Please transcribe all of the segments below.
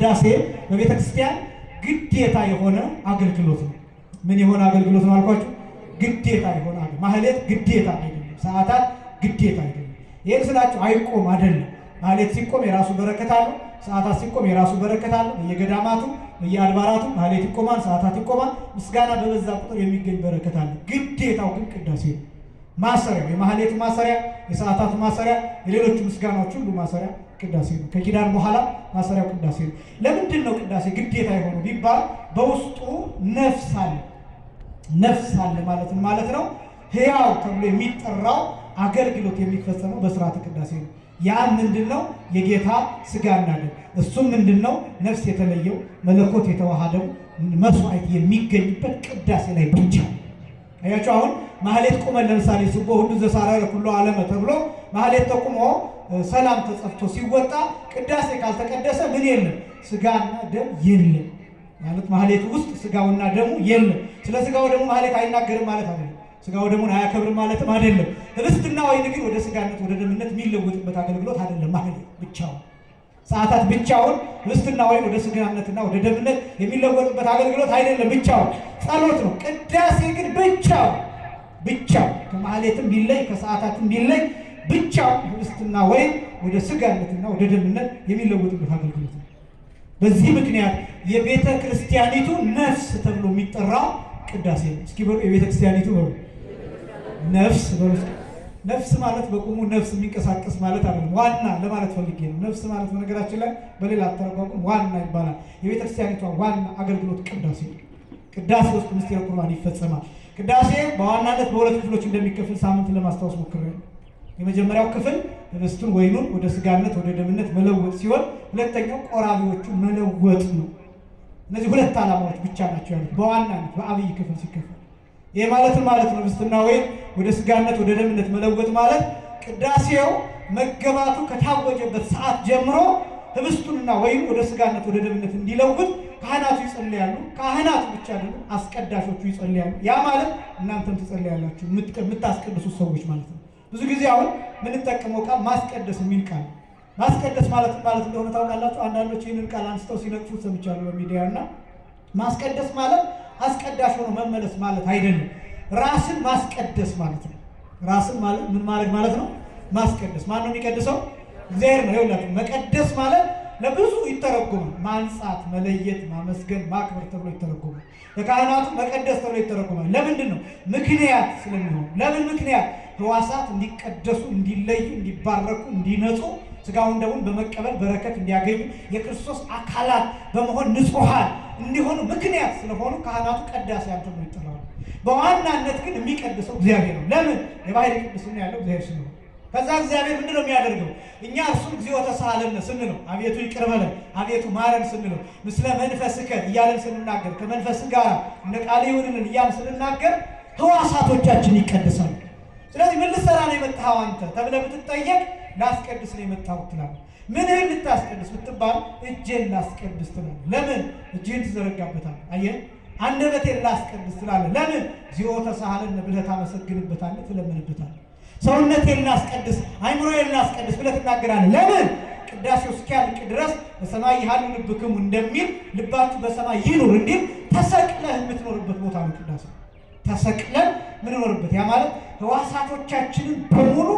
ቅዳሴ በቤተ ክርስቲያን ግዴታ የሆነ አገልግሎት ነው። ምን የሆነ አገልግሎት ነው አልኳችሁ? ግዴታ የሆነ ማህሌት ግዴታ አይደለም። ሰዓታት ግዴታ አይደለም። ይህን ስላችሁ አይቆም አይደለም። ማህሌት ሲቆም የራሱ በረከት አለው። ሰዓታት ሲቆም የራሱ በረከት አለው። በየገዳማቱ በየአድባራቱ ማህሌት ይቆማል፣ ሰዓታት ይቆማል። ምስጋና በበዛ ቁጥር የሚገኝ በረከት አለ። ግዴታው ግን ቅዳሴ ነው። ማሰሪያው የማህሌቱ ማሰሪያ፣ የሰዓታቱ ማሰሪያ፣ የሌሎቹ ምስጋናዎች ሁሉ ማሰሪያ ቅዳሴ ነው። ከኪዳን በኋላ ማሰሪያው ቅዳሴ ነው። ለምንድን ነው ቅዳሴ ግዴታ የሆነ ቢባል በውስጡ ነፍስ አለ። ነፍስ አለ ማለት ማለት ነው። ህያው ተብሎ የሚጠራው አገልግሎት የሚፈጸመው በስርዓተ ቅዳሴ ነው። ያ ምንድን ነው? የጌታ ስጋ ደም። እሱም ምንድን ነው? ነፍስ የተለየው መለኮት የተዋሃደው መስዋዕት የሚገኝበት ቅዳሴ ላይ ብቻ ያቸው አሁን ማህሌት ቁመን ለምሳሌ ስቦ ሁሉ ዘሳራ ሁሉ ዓለመ ተብሎ ማህሌት ተቁሞ ሰላም ተጸፍቶ ሲወጣ ቅዳሴ ካልተቀደሰ ምን የለም ስጋና ደም የለም ማለት ማህሌት ውስጥ ስጋውና ደሙ የለም። ስለ ስጋው ደግሞ ማህሌት አይናገርም ማለት አይደለም። ስጋው ደሙን አያከብርም ማለትም አይደለም። ህብስትና ወይን ግን ወደ ስጋነት ወደ ደምነት የሚለወጥበት አገልግሎት አይደለም ማህሌት ብቻው ሰዓታት ብቻውን ውስጥና ወይም ወደ ስግናነትና ወደ ደብነት የሚለወጥበት አገልግሎት አይደለም። ብቻውን ጸሎት ነው። ቅዳሴ ግን ብቻው ብቻው ከማህሌትም ቢለይ ከሰዓታትም ቢለይ ብቻው ውስጥና ወይም ወደ ስጋነትና ወደ ደምነት የሚለወጥበት አገልግሎት ነው። በዚህ ምክንያት የቤተ ክርስቲያኒቱ ነፍስ ተብሎ የሚጠራው ቅዳሴ ነው። እስኪ የቤተ ክርስቲያኒቱ ነፍስ ነፍስ ማለት በቁሙ ነፍስ የሚንቀሳቀስ ማለት አይደለም። ዋና ለማለት ፈልጌ ነው። ነፍስ ማለት በነገራችን ላይ በሌላ አተረጓጎም ዋና ይባላል። የቤተክርስቲያኒቷ ዋና አገልግሎት ቅዳሴ። ቅዳሴ ውስጥ ምስጢረ ቁርባን ይፈጸማል። ቅዳሴ በዋናነት በሁለት ክፍሎች እንደሚከፍል ሳምንት ለማስታወስ ሞክሬያለሁ። የመጀመሪያው ክፍል ህብስቱን ወይኑን ወደ ስጋነት ወደ ደምነት መለወጥ ሲሆን ሁለተኛው ቆራቢዎቹ መለወጥ ነው። እነዚህ ሁለት ዓላማዎች ብቻ ናቸው ያሉት በዋናነት በአብይ ክፍል ሲከፍል ይህ ማለትን ማለት ነው ምስትና ወይን ወደ ስጋነት ወደ ደምነት መለወጥ ማለት ቅዳሴው መገባቱ ከታወጀበት ሰዓት ጀምሮ ህብስቱንና ወይም ወደ ስጋነት ወደ ደምነት እንዲለውጥ ካህናቱ ይጸልያሉ። ካህናቱ ብቻ ደግሞ አስቀዳሾቹ ይጸልያሉ። ያ ማለት እናንተም ትጸልያላችሁ፣ የምታስቀድሱት ሰዎች ማለት ነው። ብዙ ጊዜ አሁን የምንጠቀመው ቃል ማስቀደስ የሚል ቃል ማስቀደስ ማለት ማለት እንደሆነ ታውቃላችሁ። አንዳንዶች ይህንን ቃል አንስተው ሲነቅፉ ሰምቻለሁ በሚዲያ እና ማስቀደስ ማለት አስቀዳሽ ሆኖ መመለስ ማለት አይደለም። ራስን ማስቀደስ ማለት ነው። ራስን ማለት ምን ማድረግ ማለት ነው? ማስቀደስ። ማን ነው የሚቀድሰው? እግዚአብሔር ነው። ይኸውላችሁ መቀደስ ማለት ለብዙ ይተረጎማል። ማንጻት፣ መለየት፣ ማመስገን፣ ማክበር ተብሎ ይተረጎማል። ለካህናቱ መቀደስ ተብሎ ይተረጎማል። ለምንድን ነው? ምክንያት ስለሚሆን። ለምን ምክንያት? ህዋሳት እንዲቀደሱ፣ እንዲለዩ፣ እንዲባረኩ፣ እንዲነጹ ስጋውን ደሙን በመቀበል በረከት እንዲያገኙ የክርስቶስ አካላት በመሆን ንጹሐን እንዲሆኑ ምክንያት ስለሆኑ ካህናቱ ቀዳሴያን ተብሎ ይጠራሉ። በዋናነት ግን የሚቀድሰው እግዚአብሔር ነው። ለምን? የባህሪ ቅድስና ያለው እግዚአብሔር ስለሆነ። ከዛ እግዚአብሔር ምንድነው የሚያደርገው? እኛ እርሱን እግዚኦ ተሳሃለነ ስንለው፣ አቤቱ ይቅር በለን፣ አቤቱ ማረን ስንለው፣ ምስለ መንፈስከ እያለን ስንናገር፣ ከመንፈስ ጋር እንደ ቃል ይሁንልን እያም ስንናገር፣ ህዋሳቶቻችን ይቀድሳሉ። ስለዚህ ምን ልትሰራ ነው የመጣኸው አንተ ተብለህ ብትጠየቅ ላስቀድስ ነው የመጣሁት ትላለህ። ምንህን ልታስቀድስ ብትባል እጄን ላስቀድስ ትላለህ። ለምን እጅህን ትዘረጋበታለህ? አየህ አንደበቴን ላስቀድስ ትላለህ። ለምን ዚኦ ተሳሃልን ብለህ ታመሰግንበታለህ፣ ትለምንበታለህ። ሰውነቴን ላስቀድስ፣ አይምሮዬን ላስቀድስ ብለህ ትናገራለህ። ለምን ቅዳሴው እስኪያልቅ ድረስ በሰማይ ይሃሉ ልብክሙ እንደሚል ልባችሁ በሰማይ ይኑር እንዲል ተሰቅለህ የምትኖርበት ቦታ ነው ቅዳሴው። ተሰቅለን ምንኖርበት ያ ማለት ህዋሳቶቻችንን በሙሉ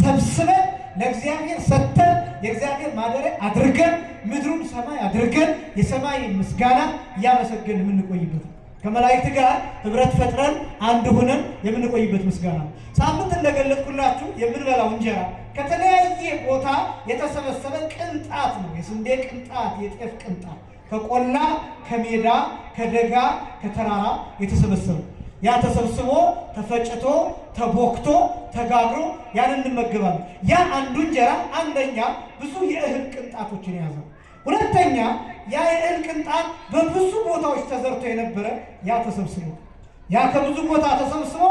ሰብስበን ለእግዚአብሔር ሰጥተን የእግዚአብሔር ማደሪያ አድርገን ምድሩን ሰማይ አድርገን የሰማይ ምስጋና እያመሰገን የምንቆይበት ከመላእክት ጋር ህብረት ፈጥረን አንድ ሆነን የምንቆይበት ምስጋና ነው። ሳምንት እንደገለጥኩላችሁ የምንበላው እንጀራ ከተለያየ ቦታ የተሰበሰበ ቅንጣት ነው። የስንዴ ቅንጣት፣ የጤፍ ቅንጣት፣ ከቆላ ከሜዳ ከደጋ ከተራራ የተሰበሰበ ያ ተሰብስቦ ተፈጭቶ ተቦክቶ ተጋግሮ ያን እንመገባለን። ያ አንዱ እንጀራ አንደኛ ብዙ የእህል ቅንጣቶችን የያዘ ሁለተኛ ያ የእህል ቅንጣት በብዙ ቦታዎች ተዘርቶ የነበረ ያ ተሰብስቦ ያ ከብዙ ቦታ ተሰብስቦ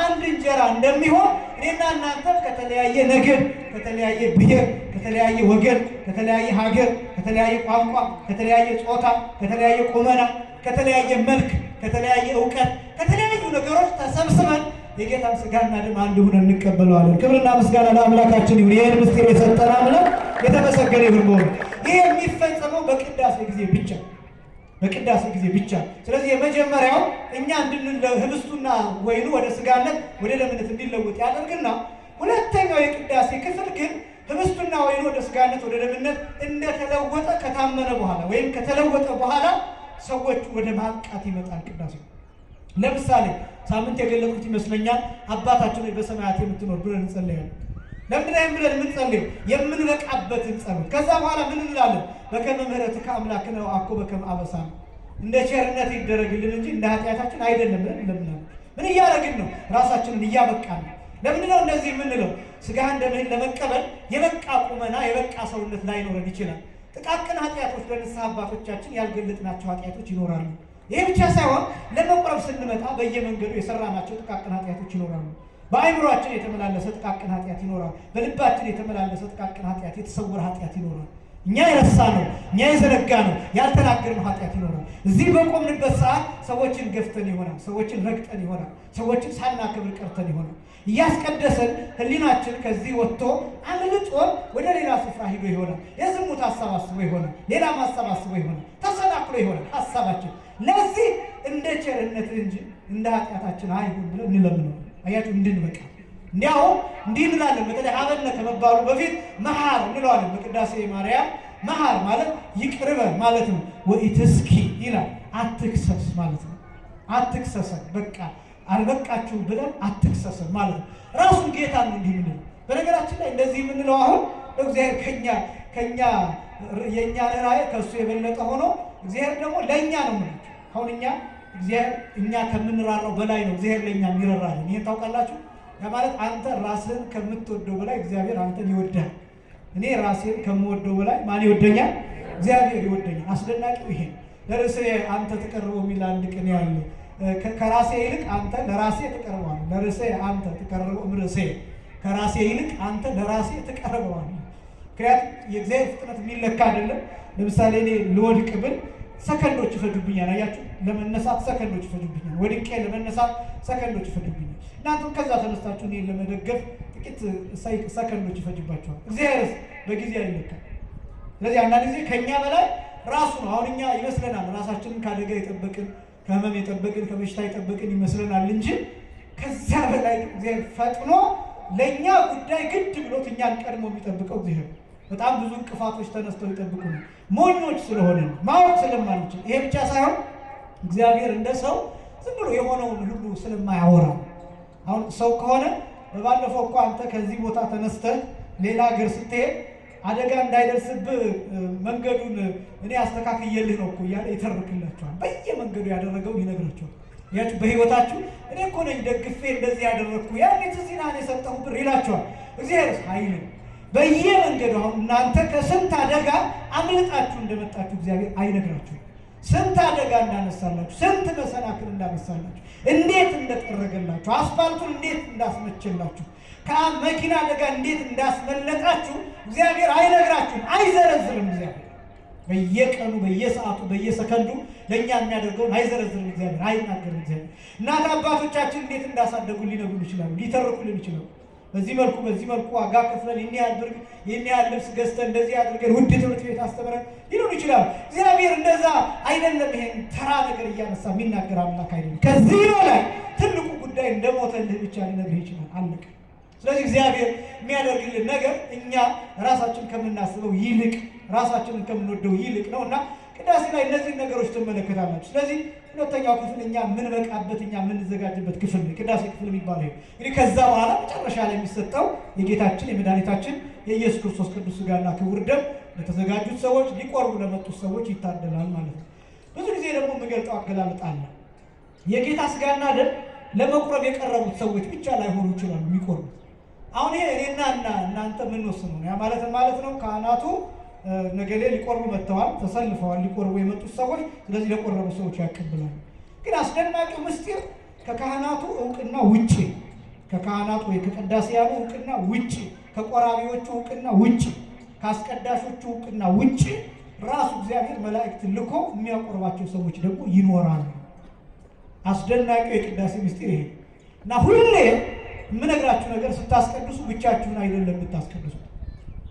አንድ እንጀራ እንደሚሆን እኔና እናንተ ከተለያየ ነገድ፣ ከተለያየ ብሔር፣ ከተለያየ ወገን፣ ከተለያየ ሀገር፣ ከተለያየ ቋንቋ፣ ከተለያየ ጾታ፣ ከተለያየ ቁመና፣ ከተለያየ መልክ፣ ከተለያየ እውቀት ከተለያዩ ነገሮች ተሰብስበን የጌታን ስጋና ደም አንድ ሆነን እንቀበለዋለን። ክብርና ምስጋና ለአምላካችን ይሁን። ይህን ምስጢር የሰጠን አምላክ የተመሰገነ ይሁን። በሆነ ይህ የሚፈጸመው በቅዳሴ ጊዜ ብቻ በቅዳሴ ጊዜ ብቻ። ስለዚህ የመጀመሪያው እኛ ህብስቱና ወይኑ ወደ ስጋነት ወደ ደምነት እንዲለወጥ ያደርግና ሁለተኛው የቅዳሴ ክፍል ግን ህብስቱና ወይኑ ወደ ስጋነት ወደ ደምነት እንደተለወጠ ከታመነ በኋላ ወይም ከተለወጠ በኋላ ሰዎች ወደ ማብቃት ይመጣል ቅዳሴ ለምሳሌ ሳምንት የገለጡት ይመስለኛል አባታችን በሰማያት የምትኖር ብለን እንጸለያለን። ለምድራዊ ብለን የምንጸልየው የምንበቃበትን ጸሎት። ከዛ በኋላ ምን እንላለን? በከመ ምሕረትከ ነው አኮ በከመ አበሳ እንደ ቸርነት ይደረግልን እንጂ እንደ ኃጢአታችን አይደለም ብለን እንለምናለን። ምን እያደረግን ነው? ራሳችንን እያበቃ ነው። ለምንድን ነው እንደዚህ የምንለው? ስጋ ደምህን ለመቀበል የበቃ ቁመና የበቃ ሰውነት ላይኖረን ይችላል። ጥቃቅን ኃጢአቶች ለንስሐ አባቶቻችን ያልገለጥናቸው ኃጢአቶች ይኖራሉ። ይህ ብቻ ሳይሆን ለመቁረብ ስንመጣ በየመንገዱ የሰራናቸው ጥቃቅን ኃጢአቶች ይኖራሉ። በአይምሯችን የተመላለሰ ጥቃቅን ኃጢአት ይኖራል። በልባችን የተመላለሰ ጥቃቅን ኃጢአት፣ የተሰወረ ኃጢአት ይኖራል። እኛ የረሳ ነው፣ እኛ የዘነጋ ነው፣ ያልተናገርነው ኃጢአት ይኖራል። እዚህ በቆምንበት ሰዓት ሰዎችን ገፍተን ይሆናል፣ ሰዎችን ረግጠን ይሆናል፣ ሰዎችን ሳናከብር ቀርተን ይሆናል። እያስቀደሰን ህሊናችን ከዚህ ወጥቶ አምልጦን ወደ ሌላ ስፍራ ሂዶ ይሆናል። የዝሙት አሳብ ይሆናል፣ ሌላ አሳብ ይሆናል፣ ተሰናክሎ ይሆናል ሀሳባችን ለዚህ እንደ ቸርነት እንጂ እንደ ኃጢአታችን አይሁን ብለን እንለምነው። አያችሁ እንድንበቃ እንዲያው እንዲህ እንላለን። በተለይ ሀበነ ከመባሉ በፊት መሐር እንለዋለን። በቅዳሴ ማርያም መሐር ማለት ይቅርበ ማለት ነው። ወኢትስኪ ይላል አትክሰስ ማለት ነው። አትክሰሰን በቃ አልበቃችሁ ብለን አትክሰሰን ማለት ነው። ራሱን ጌታ ነው እንዲህ የምንለው። በነገራችን ላይ እንደዚህ የምንለው አሁን እግዚአብሔር ከኛ ከኛ የእኛ ርኅራኄ ከእሱ የበለጠ ሆኖ እግዚአብሔር ደግሞ ለእኛ ነው የምላችሁ። አሁን እኛ እግዚአብሔር እኛ ከምንራራው በላይ ነው እግዚአብሔር ለእኛ የሚራራልን። ይህን ታውቃላችሁ። ለማለት አንተ ራስህን ከምትወደው በላይ እግዚአብሔር አንተን ይወዳል። እኔ ራሴን ከምወደው በላይ ማን ይወደኛል? እግዚአብሔር ይወደኛል። አስደናቂው ይሄ ለርዕሴ አንተ ትቀርበው የሚል አንድ ቅኔ ያለ ከራሴ ይልቅ አንተ ለራሴ ትቀርበዋል። ለርዕሴ አንተ ትቀርበው ምርሴ ከራሴ ይልቅ አንተ ለራሴ ትቀርበዋል ምክንያቱም የእግዚአብሔር ፍጥነት የሚለካ አይደለም። ለምሳሌ እኔ ልወድቅ ብል ሰከንዶች ይፈጁብኛል። አያችሁ፣ ለመነሳት ሰከንዶች ይፈጁብኛል። ወድቄ ለመነሳት ሰከንዶች ይፈጁብኛል። እናንተም ከዛ ተነስታችሁ እኔን ለመደገፍ ጥቂት ሰከንዶች ይፈጅባቸዋል። እግዚአብሔር በጊዜ አይለካም። ስለዚህ አንዳንድ ጊዜ ከእኛ በላይ ራሱ ነው። አሁን እኛ ይመስለናል ራሳችንን ከአደጋ የጠበቅን ከህመም የጠበቅን ከበሽታ የጠበቅን ይመስለናል እንጂ ከዚያ በላይ እግዚአብሔር ፈጥኖ ለእኛ ጉዳይ ግድ ብሎት እኛን ቀድሞ የሚጠብቀው እግዚአብሔር ነው። በጣም ብዙ እንቅፋቶች ተነስተው ይጠብቁናል። ሞኞች ስለሆነ ማወቅ ስለማንችል ይሄ ብቻ ሳይሆን እግዚአብሔር እንደ ሰው ዝም ብሎ የሆነውን ሁሉ ስለማያወራ አሁን ሰው ከሆነ በባለፈው እኮ አንተ ከዚህ ቦታ ተነስተህ ሌላ ሀገር ስትሄድ አደጋ እንዳይደርስብህ መንገዱን እኔ አስተካክየልህ ነው እኮ እያለ ይተርክላቸዋል። በየመንገዱ ያደረገውን ይነግራቸዋል። ያችሁ በህይወታችሁ እኔ እኮ ነኝ ደግፌ እንደዚህ ያደረግኩ ያ ቤት ሲናን የሰጠሁ ብር ይላቸዋል። እግዚአብሔር ኃይልን በየመንገዱ አሁን እናንተ ከስንት አደጋ አምልጣችሁ እንደመጣችሁ እግዚአብሔር አይነግራችሁም። ስንት አደጋ እንዳነሳላችሁ፣ ስንት መሰናክል እንዳነሳላችሁ፣ እንዴት እንደጠረገላችሁ፣ አስፋልቱን እንዴት እንዳስመቸላችሁ፣ ከመኪና አደጋ እንዴት እንዳስመለጣችሁ እግዚአብሔር አይነግራችሁም፣ አይዘረዝርም። እግዚአብሔር በየቀኑ በየሰዓቱ በየሰከንዱ ለእኛ የሚያደርገውን አይዘረዝርም። እግዚአብሔር አይናገርም። እግዚአብሔር እናት አባቶቻችን እንዴት እንዳሳደጉ ሊነግሩን ይችላሉ፣ ሊተርኩልን ይችላሉ። በዚህ መልኩ በዚህ መልኩ ዋጋ ከፍለን ይህን ያህል ብር ይህን ያህል ልብስ ገዝተን እንደዚህ አድርገን ውድ ትምህርት ቤት አስተምረን ሊሆን ይችላል። እግዚአብሔር እንደዛ አይደለም። ይሄን ተራ ነገር እያነሳ የሚናገር አምላክ አይደለም። ከዚህ በላይ ትልቁ ጉዳይ እንደሞተልህ ብቻ ሊነግርህ ይችላል። አለቀ። ስለዚህ እግዚአብሔር የሚያደርግልን ነገር እኛ ራሳችን ከምናስበው ይልቅ ራሳችንን ከምንወደው ይልቅ ነው እና ቅዳሴ ላይ እነዚህን ነገሮች ትመለከታላችሁ። ስለዚህ ሁለተኛው ክፍል እኛ በቃበት እኛ የምንዘጋጅበት ክፍል ቅዳሴ ክፍል የሚባለው እንግዲህ ከዛ በኋላ መጨረሻ ላይ የሚሰጠው የጌታችን የመድኃኒታችን የኢየሱስ ክርስቶስ ቅዱስ ስጋና ክቡር ደም ለተዘጋጁት ሰዎች፣ ሊቆርቡ ለመጡት ሰዎች ይታደላል ማለት ነው። ብዙ ጊዜ ደግሞ የምገልጠው አገላለጥ አለ። የጌታ ስጋና ደም ለመቁረብ የቀረቡት ሰዎች ብቻ ላይሆኑ ይችላሉ የሚቆርቡት። አሁን ይሄ እኔና እና እናንተ ምንወስነው ነው ማለት ማለት ነው ካህናቱ ነገሌ ሊቆርቡ መጥተዋል፣ ተሰልፈዋል ሊቆርቡ የመጡት ሰዎች። ስለዚህ ለቆረቡ ሰዎች ያቀብላሉ። ግን አስደናቂው ምስጢር ከካህናቱ እውቅና ውጭ፣ ከካህናቱ ወይ ከቀዳሴያኑ እውቅና ውጭ፣ ከቆራቢዎቹ እውቅና ውጭ፣ ከአስቀዳሾቹ እውቅና ውጭ ራሱ እግዚአብሔር መላእክት ልኮ የሚያቆርባቸው ሰዎች ደግሞ ይኖራሉ። አስደናቂው የቅዳሴ ምስጢር ይሄ እና ሁሌ የምነግራችሁ ነገር ስታስቀድሱ ብቻችሁን አይደለም የምታስቀድሱት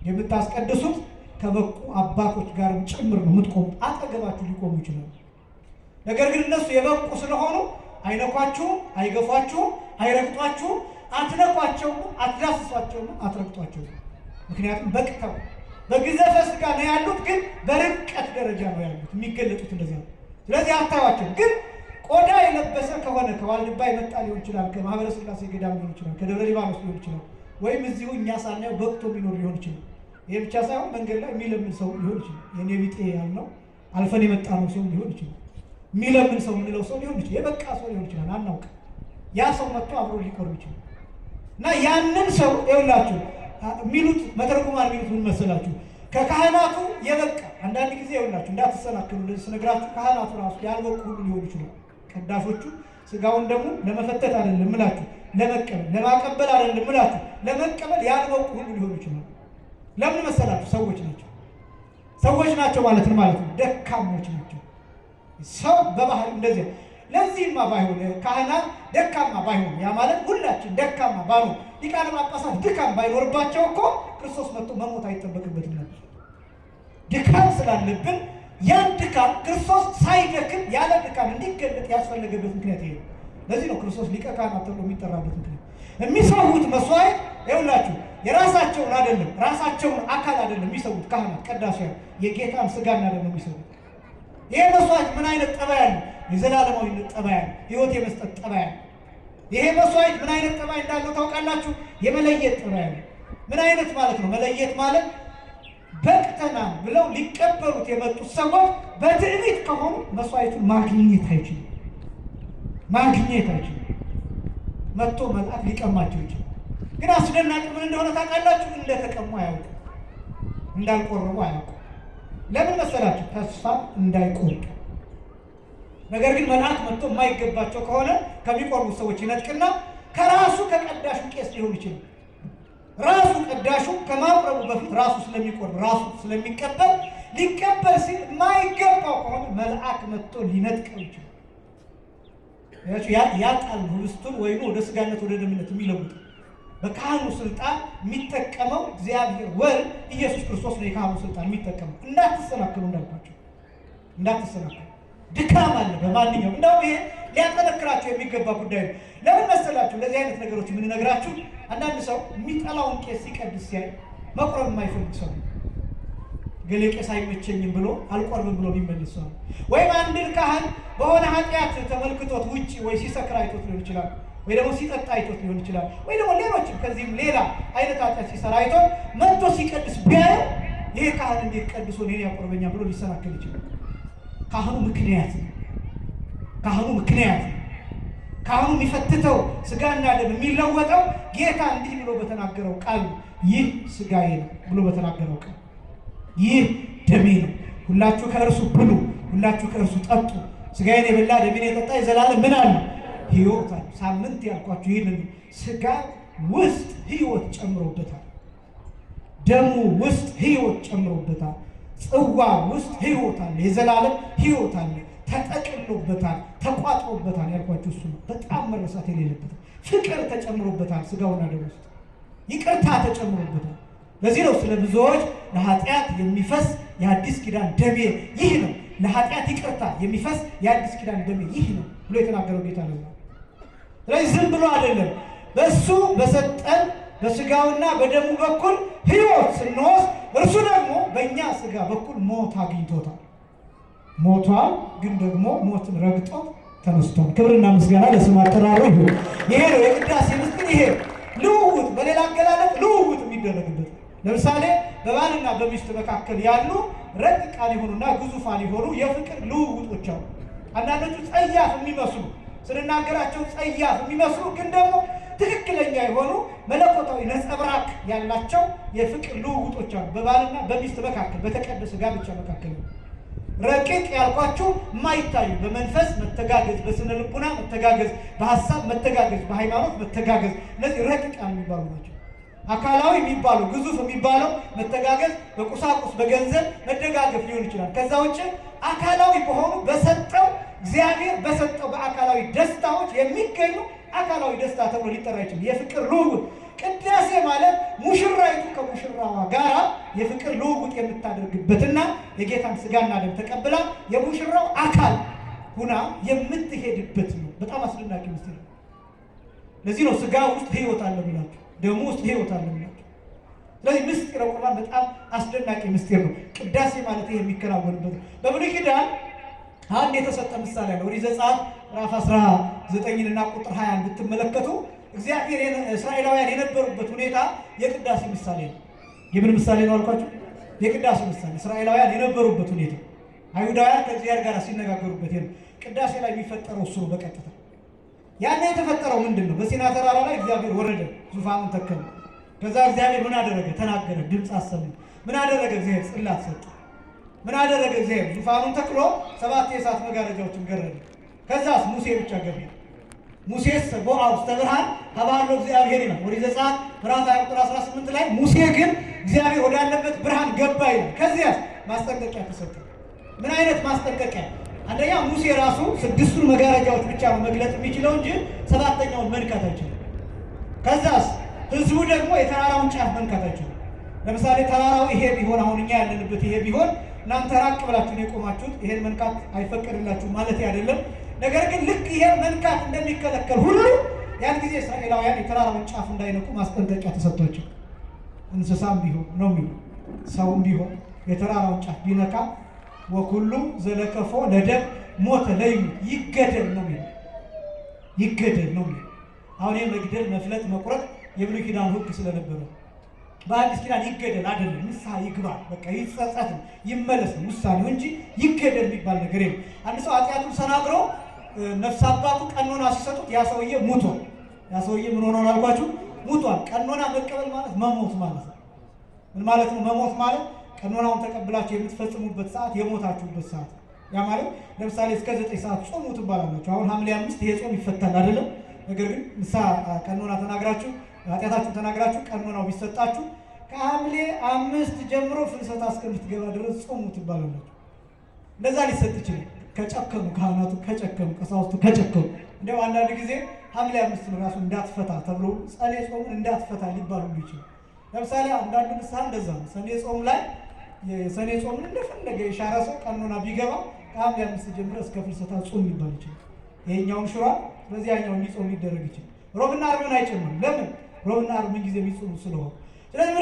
የምታስቀድሱት ከበቁ አባቶች ጋር ጭምር ነው የምትቆሙ፣ አጠገባችሁ ሊቆሙ ይችላሉ። ነገር ግን እነሱ የበቁ ስለሆኑ አይነኳችሁም፣ አይገፏችሁም፣ አይረግጧችሁም፣ አትነኳቸውም፣ አትዳስሷቸውም፣ አትረግጧቸውም። ምክንያቱም በቅተው በግዘፈ ስጋ ነው ያሉት፣ ግን በርቀት ደረጃ ነው ያሉት። የሚገለጡት እንደዚያ ነው። ስለዚህ አታዋቸው። ግን ቆዳ የለበሰ ከሆነ ከዋልድባ የመጣ ሊሆን ይችላል፣ ከማህበረ ስላሴ ገዳም ሊሆን ይችላል፣ ከደብረ ሊባኖስ ሊሆን ይችላል፣ ወይም እዚሁ እኛ ሳናየው በቅቶ የሚኖር ሊሆን ይችላል። ይሄ ብቻ ሳይሆን መንገድ ላይ የሚለምን ሰው ሊሆን ይችላል። የኔ ቢጤ ያልነው አልፈን የመጣ ነው ሰው ሊሆን ይችላል። የሚለምን ሰው የምንለው ሰው ሊሆን ይችላል። የበቃ ሰው ሊሆን ይችላል። አናውቅ ያ ሰው መጥቶ አብሮ ሊቀርብ ይችላል እና ያንን ሰው ይኸውላችሁ የሚሉት መተርጉማን የሚሉት ምን መሰላችሁ? ከካህናቱ የበቃ አንዳንድ ጊዜ ይኸውላችሁ እንዳትሰናክሉ ስነግራችሁ ካህናቱ ራሱ ያልበቁ ሁሉ ሊሆን ይችላል። ቀዳሾቹ ስጋውን ደግሞ ለመፈተት አይደለም ምላችሁ ለመቀበል ለማቀበል አይደለም ምላችሁ ለመቀበል ያልበቁ ሁሉ ይችላል። ለምን መሰላችሁ? ሰዎች ናቸው። ሰዎች ናቸው ማለት ነው ማለት ነው። ደካሞች ናቸው። ሰው በባህሪ እንደዚህ ለዚህማ ባይሆን ካህናት ደካማ ባይሆን፣ ያ ማለት ሁላችን ደካማ ባይሆን፣ ሊቃነ ጳጳሳት ድካም ባይኖርባቸው እኮ ክርስቶስ መጥቶ መሞት አይጠበቅበትም ነበር። ድካም ስላለብን ያን ድካም ክርስቶስ ሳይደክም ያለ ድካም እንዲገለጥ ያስፈለገበት ምክንያት ይሄ ነው። ለዚህ ነው ክርስቶስ ሊቀ ካህናት ተብሎ የሚጠራበት ምክንያት። የሚሰዉት መስዋዕት ይኸውላችሁ የራሳቸውን አይደለም ራሳቸውን አካል አይደለም የሚሰውት ካህናት ቀዳሲያን የጌታን ስጋና ደም የሚሰውት። ይሄ መስዋዕት ምን አይነት ጠባይ አለ? የዘላለማዊነት ጠባይ አለ። ህይወት የመስጠት ጠባይ አለ። ይሄ መስዋዕት ምን አይነት ጠባይ እንዳለው ታውቃላችሁ? የመለየት ጠባይ አለ። ምን አይነት ማለት ነው? መለየት ማለት በቅተና ብለው ሊቀበሉት የመጡት ሰዎች በትዕቢት ከሆኑ መስዋዕቱን ማግኘት አይችሉም። ማግኘት አይችሉም። መጥቶ መልአክ ሊቀማቸው ይችላል። ግን አስደናቂ ምን እንደሆነ ታውቃላችሁ? እንደተቀሙ አያውቅም፣ እንዳልቆረቡ አያውቅም። ለምን መሰላችሁ? ተስፋ እንዳይቆርጡ። ነገር ግን መልአክ መጥቶ የማይገባቸው ከሆነ ከሚቆርቡ ሰዎች ይነጥቅና ከራሱ ከቀዳሹ ቄስ ሊሆን ይችላል። ራሱ ቀዳሹ ከማቁረቡ በፊት ራሱ ስለሚቆርብ ራሱ ስለሚቀበል ሊቀበል ሲል የማይገባው ከሆነ መልአክ መጥቶ ሊነጥቀው ይችላል። ያጣል ህብስቱን ወይኑ ወደ ስጋነት ወደ ደምነት የሚለውጥ በካህኑ ስልጣን የሚጠቀመው እግዚአብሔር ወልድ ኢየሱስ ክርስቶስ ነው። የካህኑ ስልጣን የሚጠቀመው እንዳትሰናክሉ፣ እንዳልኳቸው እንዳትሰናክሉ። ድካም አለ በማንኛውም እንደውም ይሄ ሊያጠነክራቸው የሚገባ ጉዳይ ነው። ለምን መሰላችሁ ለዚህ አይነት ነገሮች የምንነግራችሁ? አንዳንድ ሰው የሚጠላውን ቄስ ሲቀድስ ሲያይ መቁረብ የማይፈልግ ሰው ገሌ ቄስ አይመቸኝም ብሎ አልቆርብም ብሎ የሚመልስ ሰው ወይም አንድን ካህን በሆነ ኃጢአት ተመልክቶት ውጭ ወይ ሲሰክር አይቶት ሊሆን ይችላል ወይ ደግሞ ሲጠጣ አይቶት ሊሆን ይችላል። ወይ ደግሞ ሌሎችም ከዚህም ሌላ አይነት ኃጢአት ሲሰራ አይቶ መጥቶ ሲቀድስ ቢያየ ይህ ካህን እንዴት ቀድሶ እኔን ያቆርበኛ ብሎ ሊሰናከል ይችላል። ካህኑ ምክንያት ነው። ካህኑ ምክንያት ነው። ካህኑ የሚፈትተው ስጋና ደም የሚለወጠው ጌታ እንዲህ ብሎ በተናገረው ቃል ይህ ስጋዬ ነው ብሎ በተናገረው ቃል ይህ ደሜ ነው፣ ሁላችሁ ከእርሱ ብሉ፣ ሁላችሁ ከእርሱ ጠጡ። ስጋዬን የበላ ደሜን የጠጣ የዘላለም ምን አለ ህይወታችሁ ሳምንት ያልኳችሁ ይህንን ስጋ ውስጥ ህይወት ጨምሮበታል። ደሙ ውስጥ ህይወት ጨምሮበታል። ጽዋ ውስጥ ህይወት አለ። የዘላለም ህይወት አለ። ተጠቅሎበታል፣ ተቋጥሮበታል። ያልኳችሁ እሱ ነው። በጣም መረሳት የሌለበት ፍቅር ተጨምሮበታል። ስጋውና ደሙ ውስጥ ይቅርታ ተጨምሮበታል። በዚህ ነው ስለ ብዙዎች ለኃጢአት የሚፈስ የአዲስ ኪዳን ደሜ ይህ ነው፣ ለኃጢአት ይቅርታ የሚፈስ የአዲስ ኪዳን ደሜ ይህ ነው ብሎ የተናገረው ጌታ ነው። ስለዚህ ዝም ብሎ አይደለም። በእሱ በሰጠን በስጋውና በደሙ በኩል ህይወት ስንወስድ እርሱ ደግሞ በእኛ ስጋ በኩል ሞት አግኝቶታል። ሞቷል፣ ግን ደግሞ ሞትን ረግጦ ተነስቷል። ክብርና ምስጋና ለስሙ አጠራሩ ይሁን። ይሄ ነው የቅዳሴ ምስጢር። ይሄ ልውውጥ፣ በሌላ አገላለጥ ልውውጥ የሚደረግበት ለምሳሌ በባልና በሚስት መካከል ያሉ ረቂቃን የሆኑና ግዙፋን የሆኑ የፍቅር ልውውጦች አሉ። አንዳንዶቹ ጸያፍ የሚመስሉ ስንናገራቸው ጸያፍ የሚመስሉ ግን ደግሞ ትክክለኛ የሆኑ መለኮታዊ ነጸብራቅ ያላቸው የፍቅር ልውውጦች አሉ። በባልና በሚስት መካከል በተቀደሰ ጋብቻ መካከል ረቂቅ ያልኳችሁ የማይታዩ በመንፈስ መተጋገዝ፣ በስነ ልቡና መተጋገዝ፣ በሀሳብ መተጋገዝ፣ በሃይማኖት መተጋገዝ፣ እነዚህ ረቂቅ የሚባሉ ናቸው። አካላዊ የሚባለው ግዙፍ የሚባለው መተጋገዝ በቁሳቁስ በገንዘብ መደጋገፍ ሊሆን ይችላል። ከዛ ውጭ አካላዊ በሆኑ በሰጠው እግዚአብሔር በሰጠው በአካላዊ ደስታዎች የሚገኙ አካላዊ ደስታ ተብሎ ሊጠራ ይችላል። የፍቅር ልውውጥ ቅዳሴ ማለት ሙሽራይቱ ከሙሽራዋ ጋር የፍቅር ልውውጥ የምታደርግበትና የጌታን ስጋና ደም ተቀብላ የሙሽራው አካል ሁና የምትሄድበት ነው። በጣም አስደናቂ ምስል። ለዚህ ነው ስጋ ውስጥ ህይወት አለ ብላችሁ፣ ደሙ ውስጥ ህይወት አለ ስለዚህ ምስጢረ ቁርባን በጣም አስደናቂ ምስጢር ነው። ቅዳሴ ማለት ይሄ የሚከናወንበት ነው። በብሉይ ኪዳን አንድ የተሰጠ ምሳሌ አለ። ወደ ዘጸአት ምዕራፍ 19ና ቁጥር 20 ብትመለከቱ እግዚአብሔር እስራኤላውያን የነበሩበት ሁኔታ የቅዳሴ ምሳሌ ነው። የምን ምሳሌ ነው የቅዳሴ ምሳሌ እስራኤላውያን የነበሩበት ሁኔታ አይሁዳውያን ከእግዚአብሔር ጋር ሲነጋገሩበት ነው። ቅዳሴ ላይ የሚፈጠረው እሱ ነው። በቀጥታ የተፈጠረው ምንድን ነው? በሲና ተራራ ላይ እግዚአብሔር ወረደ፣ ዙፋኑን ተከለ። ከዛ እግዚአብሔር ምን አደረገ? ተናገረ፣ ድምፅ አሰሙ። ምን አደረገ እግዚአብሔር? ጽላት ሰጠ። ምን አደረገ እግዚአብሔር? ዙፋኑን ተክሎ ሰባት የእሳት መጋረጃዎችን ገረደ። ከዛስ ሙሴ ብቻ ገባ። ሙሴስ ቦአብ ውስተ ብርሃን ሀባሎ እግዚአብሔር ይላል ኦሪት ዘጸአት ምዕራፍ 20 ቁጥር 18 ላይ ሙሴ ግን እግዚአብሔር ወዳለበት ብርሃን ገባ ይላል። ከዚያስ ማስጠንቀቂያ ተሰጠ። ምን አይነት ማስጠንቀቂያ? አንደኛ ሙሴ ራሱ ስድስቱን መጋረጃዎች ብቻ ነው መግለጽ የሚችለው እንጂ ሰባተኛውን መንካት አይችልም። ከዛስ ህዝቡ ደግሞ የተራራውን ጫፍ መንካታቸው። ለምሳሌ ተራራው ይሄ ቢሆን አሁን እኛ ያለንበት ይሄ ቢሆን እናንተ ራቅ ብላችሁን የቆማችሁት ይሄን መንካት አይፈቀድላችሁ ማለት አይደለም። ነገር ግን ልክ ይሄን መንካት እንደሚከለከል ሁሉ ያን ጊዜ እስራኤላውያን የተራራውን ጫፍ እንዳይነቁ ማስጠንቀቂያ ተሰጥቷቸው እንስሳም ቢሆን ነው የሚሉ ሰውም ቢሆን የተራራውን ጫፍ ቢነካ ወኩሉ ዘለከፎ ለደም ሞተ ለይሙ ይገደል ነው የሚለው ይገደል ነው የሚለው አሁን ይህ መግደል፣ መፍለጥ፣ መቁረጥ የብሉይ ኪዳን ሕግ ስለነበረ በአዲስ ኪዳን ይገደል አይደለም፣ ንስሐ ይግባ፣ በቃ ይጸጸት፣ ይመለስ ነው ውሳኔው እንጂ ይገደል የሚባል ነገር የለም። አንድ ሰው ኃጢአቱን ሰናግሮ ነፍስ አባቱ ቀኖና ሲሰጡት ያ ሰውዬ ሙቷል። ያ ሰውዬ ምን ሆኗል አልኳችሁ? ሙቷል። ቀኖና መቀበል ማለት መሞት ማለት ነው። ምን ማለት ነው መሞት ማለት? ቀኖናውን ተቀብላችሁ የምትፈጽሙበት ሰዓት የሞታችሁበት ሰዓት ያ ማለት ለምሳሌ እስከ ዘጠኝ ሰዓት ጾሙ ትባላላችሁ። አሁን ሐምሌ አምስት ይሄ ጾም ይፈታል አይደለም። ነገር ግን ምሳ ቀኖና ተናግራችሁ ኃጢአታችሁን ተናግራችሁ ቀኖናው ቢሰጣችሁ ከሐምሌ አምስት ጀምሮ ፍልሰታ እስከምትገባ ድረስ ጾሙ ትባላላችሁ። እንደዛ ሊሰጥ ይችላል። ከጨከሙ ካህናቱ ከጨከሙ ቀሳውስቱ ከጨከሙ እንደው አንዳንድ ጊዜ ሐምሌ አምስት ነው ራሱ እንዳትፈታ ተብሎ ሰኔ ጾሙን እንዳትፈታ ሊባሉ ይችላል። ለምሳሌ አንዳንዱ ንስሐ እንደዛ ነው። ሰኔ ጾም ላይ የሰኔ ጾምን እንደፈለገ የሻረ ሰው ቀኖና ቢገባ ከሐምሌ አምስት ጀምሮ እስከ ፍልሰታ ጾም ሊባል ይችላል። ይሄኛውን ሽሯ በዚያኛው እንዲጾም ሊደረግ ይችላል። ሮብና አርብን አይጨምርም። ለምን? ሮብና ምን ጊዜ የሚጽሙ ስለሆነ ስለዚህ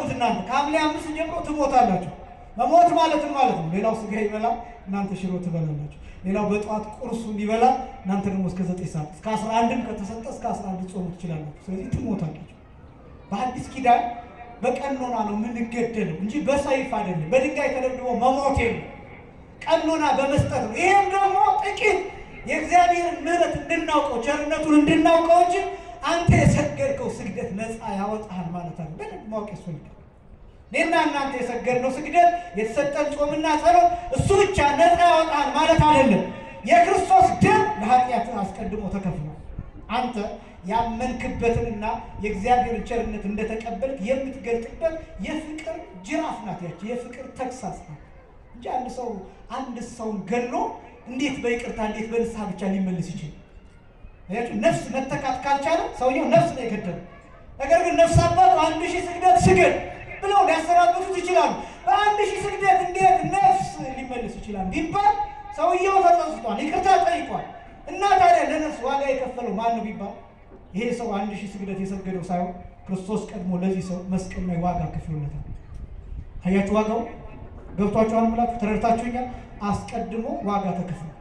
ምንድን ነው እናንተ ከሐምሌ አምስት ጀምሮ ትሞታላችሁ። መሞት ማለትም ማለት ነው። ሌላው ስጋ ይበላ፣ እናንተ ሽሮ ትበላላችሁ። ሌላው በጠዋት ቁርሱ ይበላ፣ እናንተ ደግሞ እስከ ዘጠኝ ሰዓት እስከ አስራ አንድም ከተሰጠ እስከ አስራ አንድ ጾሙ ትችላላችሁ። ስለዚህ ትሞታላችሁ። በአዲስ ኪዳን በቀኖና ነው የምንገደለው እንጂ በሰይፍ አይደለም። በድንጋይ ተደብድቦ መሞት የለም፣ ቀኖና በመስጠት ነው። ይህም ደግሞ ጥቂት የእግዚአብሔርን ምሕረት እንድናውቀው ቸርነቱን እንድናውቀው እንጂ አንተ የሰገድከው ስግደት ነፃ ያወጣሃል ማለት አለ። በደንብ ማወቅ ያስፈልጋል። እኔና እናንተ የሰገድነው ስግደት የተሰጠን ጾምና ጸሎት እሱ ብቻ ነፃ ያወጣል ማለት አይደለም። የክርስቶስ ደም ለኃጢአት አስቀድሞ ተከፍሏል። አንተ ያመንክበትንና የእግዚአብሔር ቸርነት እንደተቀበልክ የምትገልጥበት የፍቅር ጅራፍ ናት። ያች የፍቅር ተግሳጽ ናት እንጂ አንድ ሰው አንድ ሰውን ገሎ እንዴት በይቅርታ እንዴት በንስሐ ብቻ ሊመልስ ይችላል? ምክንያቱም ነፍስ መተካት ካልቻለ ሰውየው ነፍስ ነው የገደሉ። ነገር ግን ነፍስ አባቱ አንድ ሺህ ስግደት ስግድ ብለው ሊያሰናብቱት ይችላሉ። በአንድ ሺህ ስግደት እንዴት ነፍስ ሊመለስ ይችላል ቢባል ሰውየው ተጸጽቷል፣ ይቅርታ ጠይቋል። እና ታዲያ ለነፍስ ዋጋ የከፈለው ማነው ቢባል ይሄ ሰው አንድ ሺህ ስግደት የሰገደው ሳይሆን ክርስቶስ ቀድሞ ለዚህ ሰው መስቀል ላይ ዋጋ ከፍሎለታል። አያችሁ፣ ዋጋው ገብቷችኋል? ምላችሁ ተረድታችሁኛል። አስቀድሞ ዋጋ ተከፍሏል።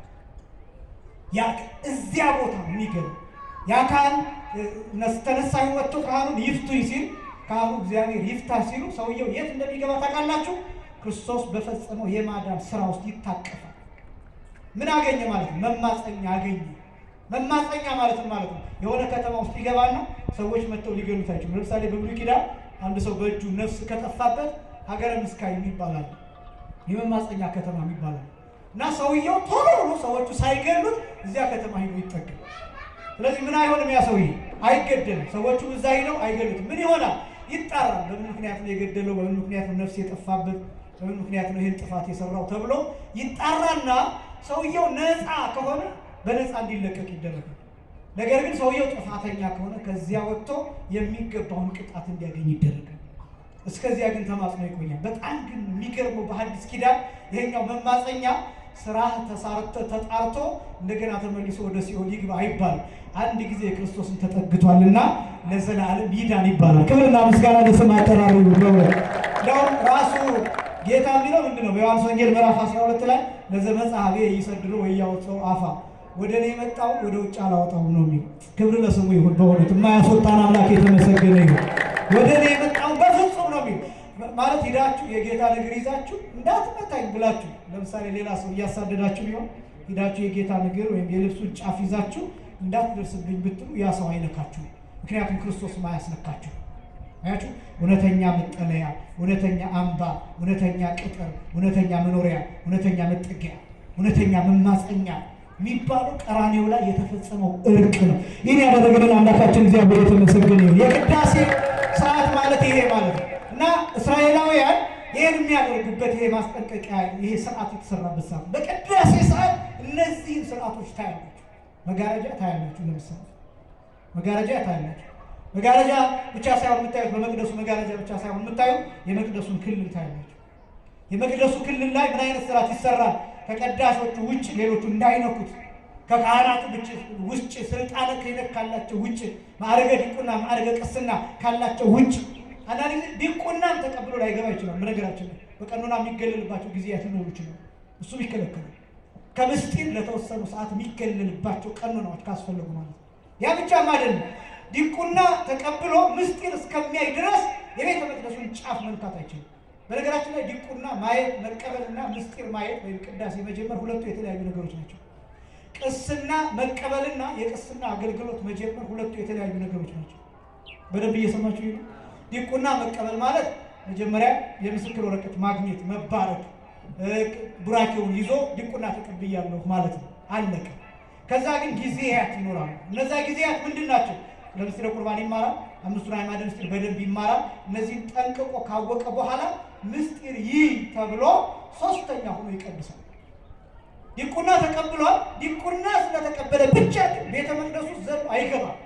እዚያ ቦታ የሚገባ ያ ካህን ተነሳይ ወጥቶ ካህኑን ይፍቱኝ ሲል ካህኑ እግዚአብሔር ይፍታ ሲሉ ሰውየው የት እንደሚገባ ታውቃላችሁ? ክርስቶስ በፈጸመው የማዳን ስራ ውስጥ ይታቀፋል። ምን አገኘ ማለት ነው? መማፀኛ አገኘ። መማፀኛ ማለት ማለት ነው የሆነ ከተማ ውስጥ ይገባና ሰዎች መጥተው ሊገሉት አይችሉም። ለምሳሌ በብሉይ ኪዳን አንድ ሰው በእጁ ነፍስ ከጠፋበት ሀገረ ምስካይ የሚባላል የመማፀኛ ከተማ የሚባላል እና ሰውየው ቶሎ ብሎ ሰዎቹ ሳይገሉት እዚያ ከተማ ሂዶ ይጠቀም። ስለዚህ ምን አይሆንም፣ ያ ሰውዬ አይገደልም። ሰዎቹ እዛ ሂደው አይገሉትም። ምን ይሆናል? ይጣራል። በምን ምክንያት ነው የገደለው? በምን ምክንያት ነው ነፍስ የጠፋበት? በምን ምክንያት ነው ይህን ጥፋት የሰራው ተብሎ ይጣራና ሰውየው ነፃ ከሆነ በነፃ እንዲለቀቅ ይደረጋል። ነገር ግን ሰውየው ጥፋተኛ ከሆነ ከዚያ ወጥቶ የሚገባውን ቅጣት እንዲያገኝ ይደረጋል። እስከዚያ ግን ተማጽኖ ይቆያል። በጣም ግን የሚገርመው በሐዲስ ኪዳን ይሄኛው መማፀኛ ስራህ ተሳርተ ተጣርቶ እንደገና ተመልሶ ወደ ሲኦል ይግባ ይባል። አንድ ጊዜ ክርስቶስን ተጠግቷልና ለዘላለም ይዳን ይባላል። ክብርና ምስጋና ለስም አጠራሪ ራሱ ጌታ የሚለው ምንድን ነው? በዮሐንስ ወንጌል ምዕራፍ 12 ላይ ለዘመጽሐፌ ይሰድሎ ወያወፅእ አፋ ወደ እኔ የመጣው ወደ ውጭ አላወጣው ነው የሚል። ክብር ለስሙ ይሁን። በእውነት የማያስወጣን አምላክ የተመሰገነ ይሁን። ወደ እኔ ማለት ሂዳችሁ የጌታ ነገር ይዛችሁ እንዳትመታኝ ብላችሁ፣ ለምሳሌ ሌላ ሰው እያሳደዳችሁ ቢሆን ሂዳችሁ የጌታ ነገር ወይም የልብሱን ጫፍ ይዛችሁ እንዳትደርስብኝ ብትሉ ያ ሰው አይነካችሁ። ምክንያቱም ክርስቶስ ማያስነካችሁ አያችሁ። እውነተኛ መጠለያ፣ እውነተኛ አምባ፣ እውነተኛ ቅጥር፣ እውነተኛ መኖሪያ፣ እውነተኛ መጠጊያ፣ እውነተኛ መማፀኛ የሚባለው ቀራኔው ላይ የተፈጸመው እርቅ ነው። ይህን ያደረገልን አምላካችን እግዚአብሔር የተመሰገነ። የቅዳሴ ሰዓት ማለት ይሄ ማለት ነው። እስራኤላውያን ይህን የሚያደርጉበት ይሄ ማስጠንቀቂያ ይሄ ስርዓት የተሰራበት ሰዓት በቅዳሴ ሰዓት እነዚህን ስርዓቶች ታያላችሁ። መጋረጃ ታያላችሁ። ለምሳሌ መጋረጃ ታያላችሁ። መጋረጃ ብቻ ሳይሆን የምታዩት በመቅደሱ መጋረጃ ብቻ ሳይሆን የምታዩ የመቅደሱን ክልል ታያላችሁ። የመቅደሱ ክልል ላይ ምን አይነት ስርዓት ይሰራል? ከቀዳሾቹ ውጭ ሌሎቹ እንዳይነኩት ከካህናት ውጭ ስልጣነ ክህነት ካላቸው ውጭ ማዕረገ ዲቁና ማዕረገ ቅስና ካላቸው ውጭ አንዳንድ ጊዜ ዲቁናን ተቀብሎ ላይገባ ይችላል። በነገራችን ላይ በቀኖና የሚገለልባቸው ጊዜያት ሊኖሩ ይችላል። እሱም ይከለከላል። ከምስጢር ለተወሰኑ ሰዓት የሚገለልባቸው ቀኖናዎች ካስፈለጉ ማለት ነው። ያ ብቻም አይደለም። ዲቁና ተቀብሎ ምስጢር እስከሚያይ ድረስ የቤተ መቅደሱን ጫፍ መንካት አይችልም። በነገራችን ላይ ዲቁና ማየት መቀበልና ምስጢር ማየት ወይም ቅዳሴ መጀመር ሁለቱ የተለያዩ ነገሮች ናቸው። ቅስና መቀበልና የቅስና አገልግሎት መጀመር ሁለቱ የተለያዩ ነገሮች ናቸው። በደንብ እየሰማችሁ ነው። ዲቁና መቀበል ማለት መጀመሪያ የምስክር ወረቀት ማግኘት መባረክ፣ ቡራኬውን ይዞ ዲቁና ተቀብያለሁ ማለት ነው። አለቀ። ከዛ ግን ጊዜያት ይኖራሉ። እነዛ ጊዜያት ምንድን ናቸው? ለምስጢረ ቁርባን ይማራል። አምስቱን አዕማደ ምስጢር በደንብ ይማራል። እነዚህን ጠንቅቆ ካወቀ በኋላ ምስጢር ይህ ተብሎ ሶስተኛ ሆኖ ይቀድሳል። ዲቁና ተቀብሏል። ዲቁና ስለተቀበለ ብቻ ቤተ መቅደሱ ዘብ አይገባም።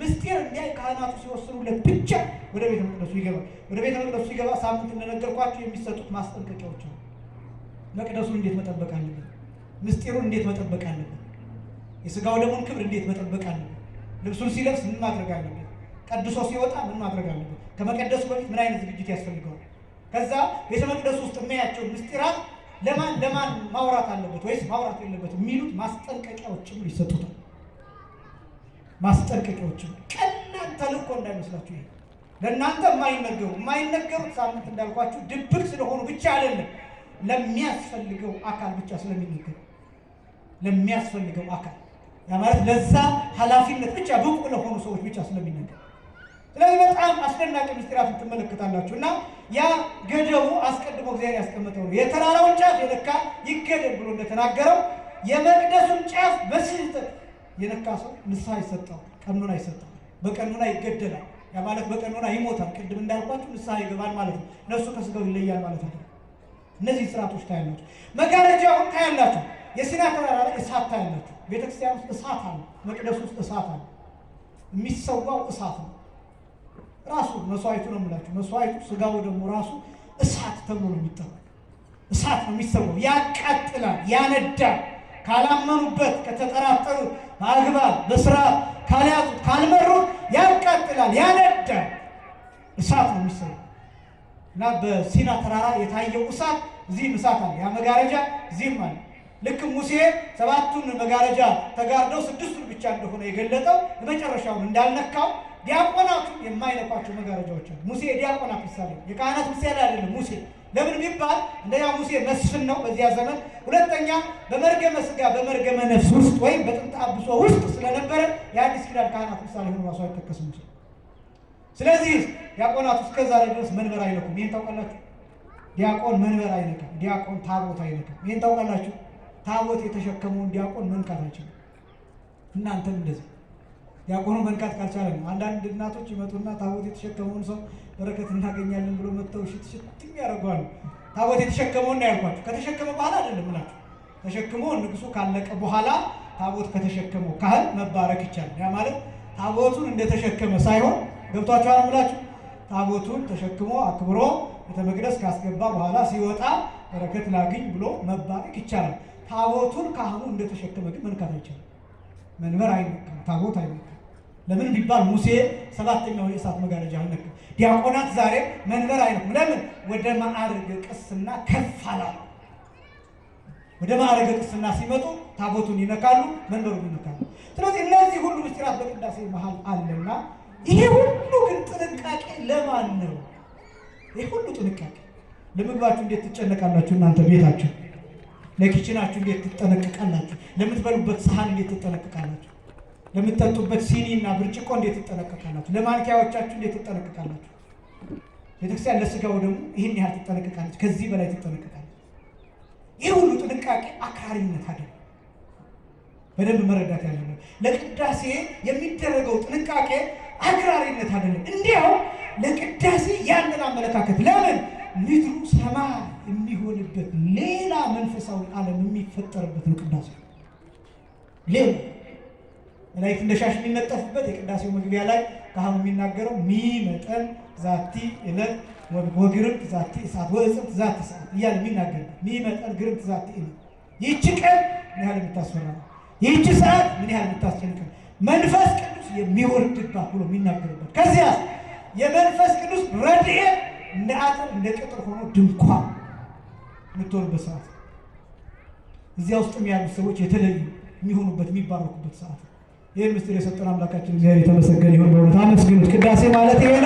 ምስጢር እንዲያይ ካህናቱ ሲወስኑለት ብቻ ወደ ቤተ መቅደሱ ይገባ። ወደ ቤተ መቅደሱ ሲገባ ሳምንት እንደነገርኳቸው የሚሰጡት ማስጠንቀቂያዎች ነው። መቅደሱን እንዴት መጠበቅ አለበት? ምስጢሩን እንዴት መጠበቅ አለበት? የስጋው ደሙን ክብር እንዴት መጠበቅ አለበት? ልብሱን ሲለብስ ምን ማድረግ አለበት? ቀድሶ ሲወጣ ምን ማድረግ አለበት? ከመቀደሱ በፊት ምን አይነት ዝግጅት ያስፈልገዋል? ከዛ ቤተ መቅደሱ ውስጥ የሚያያቸውን ምስጢራት ለማን ለማን ማውራት አለበት ወይስ ማውራት የለበት የሚሉት ማስጠንቀቂያዎች ይሰጡታል። ማስጠንቀቂያዎች ቀላል ተልእኮ እንዳይመስላችሁ። ይሄ ለእናንተ የማይነገሩ የማይነገሩት ሳምንት እንዳልኳችሁ ድብቅ ስለሆኑ ብቻ አይደለም፣ ለሚያስፈልገው አካል ብቻ ስለሚነገሩ ለሚያስፈልገው አካል ያ ማለት ለዛ ኃላፊነት ብቻ ብቁ ለሆኑ ሰዎች ብቻ ስለሚነገር ስለዚህ በጣም አስደናቂ ምስጢራትን ትመለከታላችሁ። እና ያ ገደቡ አስቀድሞ እግዚአብሔር ያስቀመጠው ነው። የተራራውን ጫፍ የለካ ይገደብ ብሎ እንደተናገረው የመቅደሱን ጫፍ በስህተት የነካ ሰው ንስሐ አይሰጠው፣ ቀኖና አይሰጠው፣ በቀኖና ይገደላል። ያ ማለት በቀኖና ይሞታል። ቅድም እንዳልኳችሁ ንስሐ ይገባል ማለት ነው። ነፍሱ ከስጋው ይለያል ማለት ነው። እነዚህ ስርዓቶች ታያላችሁ። መጋረጃውን ታያላችሁ። የሲና ተራራ ላይ እሳት ታያላችሁ። ቤተክርስቲያን ውስጥ እሳት አለ። መቅደስ ውስጥ እሳት አለ። የሚሰዋው እሳት ነው ራሱ መስዋዕቱ ነው የምላችሁ። መስዋዕቱ ስጋው ደግሞ ራሱ እሳት ተብሎ ነው የሚጠራው። እሳት ነው የሚሰዋው፣ ያቃጥላል፣ ያነዳል። ካላመኑበት፣ ከተጠራጠሩ፣ በአግባብ በስራ ካልያዙት፣ ካልመሩት ያቃጥላል፣ ያነዳል። እሳት ነው የሚሰሩ እና በሲና ተራራ የታየው እሳት እዚህም እሳት አለ። ያ መጋረጃ እዚህም አለ። ልክ ሙሴ ሰባቱን መጋረጃ ተጋርደው ስድስቱን ብቻ እንደሆነ የገለጠው የመጨረሻውን እንዳልነካው ዲያቆናት የማይነኳቸው መጋረጃዎች አሉ። ሙሴ የዲያቆናት ምሳሌ፣ የካህናት ምሳሌ አይደለም። ሙሴ ለምን ቢባል እንደኛ ሙሴ መስፍን ነው በዚያ ዘመን። ሁለተኛ በመርገመ ስጋ በመርገመ ነፍስ ውስጥ ወይም በጥንተ አብሶ ውስጥ ስለነበረ የአዲስ ኪዳን ካህናት ምሳሌ ሆኖ ራሱ አይጠቀስም ሙሴ። ስለዚህ ዲያቆናት እስከ ድረስ መንበር አይለኩም። ይህን ታውቃላችሁ። ዲያቆን መንበር አይነካም። ዲያቆን ታቦት አይነካም። ይህን ታውቃላችሁ። ታቦት የተሸከመውን ዲያቆን መንካት አይችልም። እናንተም እንደዚህ ዲያቆኑ መንካት ካልቻለ ነው። አንዳንድ እናቶች ይመጡና ታቦት የተሸከመውን ሰው በረከት እናገኛለን ብሎ መጥተው ሽት ሽት ያደርገዋል። ታቦት የተሸከመውን ነው ያልኳቸው። ከተሸከመ በኋላ አይደለም እላቸው። ተሸክሞ ንግሱ ካለቀ በኋላ ታቦት ከተሸከመው ካህን መባረክ ይቻላል። ያ ማለት ታቦቱን እንደተሸከመ ሳይሆን ገብቷቸዋል ምላቸው ታቦቱን ተሸክሞ አክብሮ ቤተ መቅደስ ካስገባ በኋላ ሲወጣ በረከት ላግኝ ብሎ መባረክ ይቻላል። ታቦቱን ካህኑ እንደተሸከመ ግን መንካት አይቻልም። መንበር አይመካም። ታቦት አይመካም። ለምን ቢባል ሙሴ ሰባተኛው የእሳት መጋረጃ አልነካ። ዲያቆናት ዛሬ መንበር አይነኩም። ለምን ወደ ማዕረገ ቅስና ከፍ አላሉ። ወደ ማዕርግ ቅስና ሲመጡ ታቦቱን ይነካሉ፣ መንበሩን ይነካሉ። ስለዚህ እነዚህ ሁሉ ምስጢራት በቅዳሴ መሀል አለና ይሄ ሁሉ ግን ጥንቃቄ ለማን ነው? ይህ ሁሉ ጥንቃቄ ለምግባችሁ እንዴት ትጨነቃላችሁ? እናንተ ቤታችሁ ለኪችናችሁ እንዴት ትጠነቅቃላችሁ? ለምትበሉበት ሰሃን እንዴት ትጠነቅቃላችሁ? ለምትጠጡበት ሲኒ እና ብርጭቆ እንዴት ትጠነቀቃላችሁ? ለማንኪያዎቻችሁ እንዴት ትጠነቀቃላችሁ? ቤተክርስቲያን ለስጋው ደግሞ ይህን ያህል ትጠነቀቃለች፣ ከዚህ በላይ ትጠነቀቃለች። ይህ ሁሉ ጥንቃቄ አክራሪነት አደለ። በደንብ መረዳት ያለብን ለቅዳሴ የሚደረገው ጥንቃቄ አክራሪነት አይደለም። እንዲያው ለቅዳሴ ያንን አመለካከት ለምን ምድሩ ሰማይ የሚሆንበት ሌላ መንፈሳዊ ዓለም የሚፈጠርበት ነው ቅዳሴ ሌላ መላእክት እንደ ሻሽ የሚነጠፉበት የቅዳሴው መግቢያ ላይ ካህኑ የሚናገረው ሚ መጠን ዛቲ ዕለት ወግርብት ዛቲ ሰዓት ወእፅብት ዛቲ ሰዓት እያለ የሚናገርበት ሚ መጠን ግርብት ዛቲ ዕለት ይህቺ ቀን ምን ያህል የምታስፈራ ይህቺ ሰዓት ምን ያህል የምታስጨንቅ መንፈስ ቅዱስ የሚወርድባት ብሎ የሚናገርበት ከዚያ የመንፈስ ቅዱስ ረድኤ እንደ አጥር እንደ ቅጥር ሆኖ ድንኳን የምትሆንበት ሰዓት እዚያ ውስጥም ያሉ ሰዎች የተለዩ የሚሆኑበት የሚባረኩበት ሰዓት ይህ ምስጢር የሰጠን አምላካችን እግዚአብሔር የተመሰገነ ይሁን። በእውነት አመስግኑት። ቅዳሴ ማለት ይሄ ነው።